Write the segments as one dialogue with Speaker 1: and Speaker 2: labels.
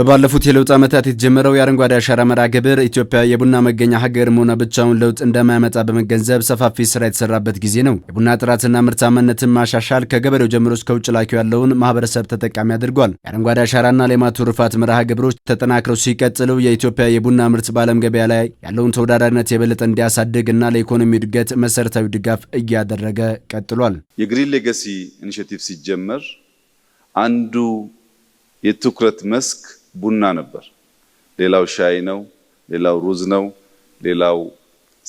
Speaker 1: በባለፉት የለውጥ ዓመታት የተጀመረው የአረንጓዴ አሻራ መርሃ ግብር ኢትዮጵያ የቡና መገኛ ሀገር መሆኗ ብቻውን ለውጥ እንደማያመጣ በመገንዘብ ሰፋፊ ስራ የተሰራበት ጊዜ ነው። የቡና ጥራትና ምርታማነትን ማሻሻል ከገበሬው ጀምሮ እስከ ውጭ ላኪው ያለውን ማህበረሰብ ተጠቃሚ አድርጓል። የአረንጓዴ አሻራና ሌማት ትሩፋት መርሃ ግብሮች ተጠናክረው ሲቀጥሉ የኢትዮጵያ የቡና ምርት በዓለም ገበያ ላይ ያለውን ተወዳዳሪነት የበለጠ እንዲያሳድግ እና ለኢኮኖሚ እድገት መሰረታዊ ድጋፍ እያደረገ ቀጥሏል።
Speaker 2: የግሪን ሌጋሲ ኢኒሽቲቭ ሲጀመር አንዱ የትኩረት መስክ ቡና ነበር። ሌላው ሻይ ነው፣ ሌላው ሩዝ ነው፣ ሌላው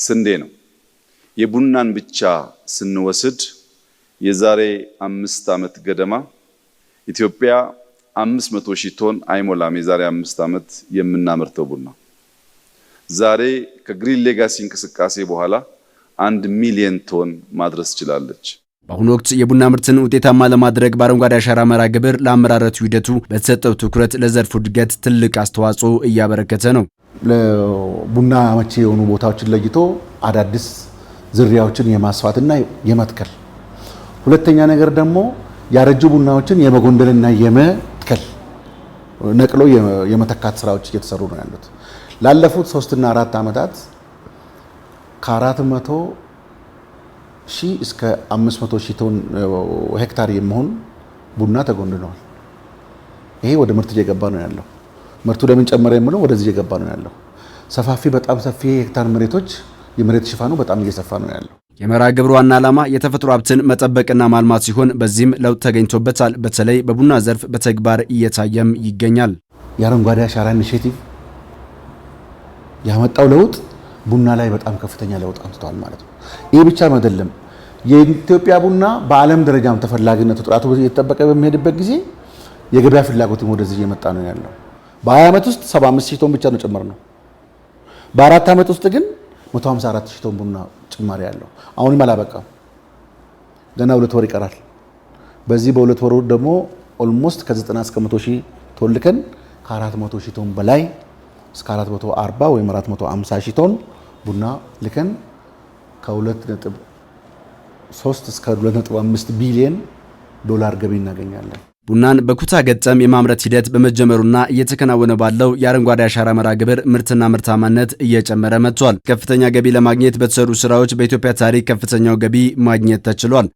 Speaker 2: ስንዴ ነው። የቡናን ብቻ ስንወስድ የዛሬ አምስት ዓመት ገደማ ኢትዮጵያ አምስት መቶ ሺህ ቶን አይሞላም የዛሬ አምስት ዓመት የምናመርተው ቡና ዛሬ ከግሪን ሌጋሲ እንቅስቃሴ በኋላ አንድ ሚሊየን ቶን ማድረስ ችላለች።
Speaker 1: በአሁኑ ወቅት የቡና ምርትን ውጤታማ ለማድረግ በአረንጓዴ አሻራ መራ ግብር ለአመራረቱ ሂደቱ በተሰጠው ትኩረት ለዘርፉ እድገት ትልቅ አስተዋጽኦ እያበረከተ ነው።
Speaker 3: ለቡና አመቺ የሆኑ ቦታዎችን ለይቶ አዳዲስ ዝርያዎችን የማስፋትና የመትከል ሁለተኛ ነገር ደግሞ ያረጁ ቡናዎችን የመጎንደልና የመትከል ነቅሎ የመተካት ስራዎች እየተሰሩ ነው ያሉት ላለፉት ሶስትና አራት ዓመታት ከአራት መቶ ሺህ እስከ 500 ሺህ ቶን ሄክታር የሚሆን ቡና ተጎንድነዋል። ይሄ ወደ ምርት እየገባ ነው ያለው። ምርቱ ለምን ጨመረ የምለው ወደዚህ እየገባ ነው ያለው። ሰፋፊ በጣም ሰፊ ሄክታር መሬቶች የመሬት ሽፋኑ በጣም እየሰፋ ነው ያለው።
Speaker 1: የመርሃ ግብሩ ዋና ዓላማ የተፈጥሮ ሀብትን መጠበቅና ማልማት ሲሆን በዚህም ለውጥ ተገኝቶበታል። በተለይ በቡና ዘርፍ በተግባር እየታየም ይገኛል።
Speaker 3: የአረንጓዴ አሻራ ኢኒሼቲቭ ያመጣው ለውጥ ቡና ላይ በጣም ከፍተኛ ለውጥ አምጥተዋል ማለት ነው። ይህ ብቻ አይደለም። የኢትዮጵያ ቡና በዓለም ደረጃም ተፈላጊነቱ ጥራቱ የተጠበቀ በሚሄድበት ጊዜ የገበያ ፍላጎትም ወደዚህ እየመጣ ነው ያለው። በ20 ዓመት ውስጥ 75 ሺህ ቶን ብቻ ነው ጭምር ነው። በአራት ዓመት ውስጥ ግን 154 ሺህ ቶን ቡና ጭማሪ ያለው አሁንም አላበቃም። ገና ሁለት ወር ይቀራል። በዚህ በሁለት ወር ደግሞ ኦልሞስት ከ90 እስከ 100 ሺህ ቶን ልከን ከ400 ሺህ ቶን በላይ እስከ 440 ወይም 450 ሺህ ቶን ቡና ልከን ከ2.3 እስከ 2.5 ቢሊዮን ዶላር ገቢ እናገኛለን።
Speaker 1: ቡናን በኩታ ገጠም የማምረት ሂደት በመጀመሩና እየተከናወነ ባለው የአረንጓዴ አሻራ መርሃ ግብር ምርትና ምርታማነት እየጨመረ መጥቷል። ከፍተኛ ገቢ ለማግኘት በተሰሩ ስራዎች በኢትዮጵያ ታሪክ ከፍተኛው ገቢ ማግኘት ተችሏል።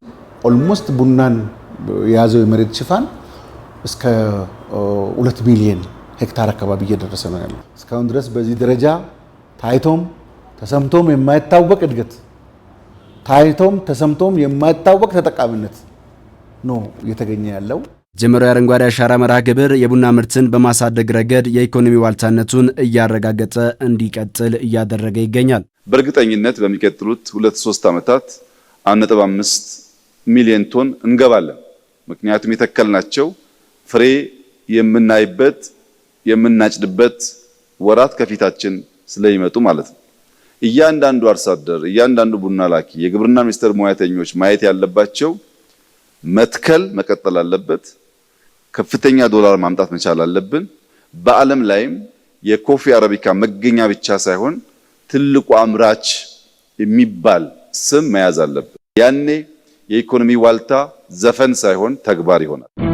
Speaker 3: ኦልሞስት ቡናን የያዘው የመሬት ሽፋን እስከ 2 ቢሊዮን ሄክታር አካባቢ እየደረሰ ነው ያለው። እስካሁን ድረስ በዚህ ደረጃ ታይቶም ተሰምቶም የማይታወቅ እድገት፣ ታይቶም ተሰምቶም የማይታወቅ ተጠቃሚነት ነው እየተገኘ ያለው።
Speaker 1: ጀመሪያ የአረንጓዴ አሻራ መርሃ ግብር የቡና ምርትን በማሳደግ ረገድ የኢኮኖሚ ዋልታነቱን እያረጋገጠ እንዲቀጥል እያደረገ ይገኛል።
Speaker 2: በእርግጠኝነት በሚቀጥሉት ሁለት ሶስት ዓመታት አንድ ነጥብ አምስት ሚሊዮን ቶን እንገባለን። ምክንያቱም የተከልናቸው ፍሬ የምናይበት የምናጭድበት ወራት ከፊታችን ስለይመጡ ማለት ነው። እያንዳንዱ አርሶ አደር፣ እያንዳንዱ ቡና ላኪ፣ የግብርና ሚኒስቴር ሙያተኞች ማየት ያለባቸው መትከል መቀጠል አለበት። ከፍተኛ ዶላር ማምጣት መቻል አለብን። በዓለም ላይም የኮፊ አረቢካ መገኛ ብቻ ሳይሆን ትልቁ አምራች የሚባል ስም መያዝ አለብን። ያኔ የኢኮኖሚ ዋልታ ዘፈን ሳይሆን ተግባር ይሆናል።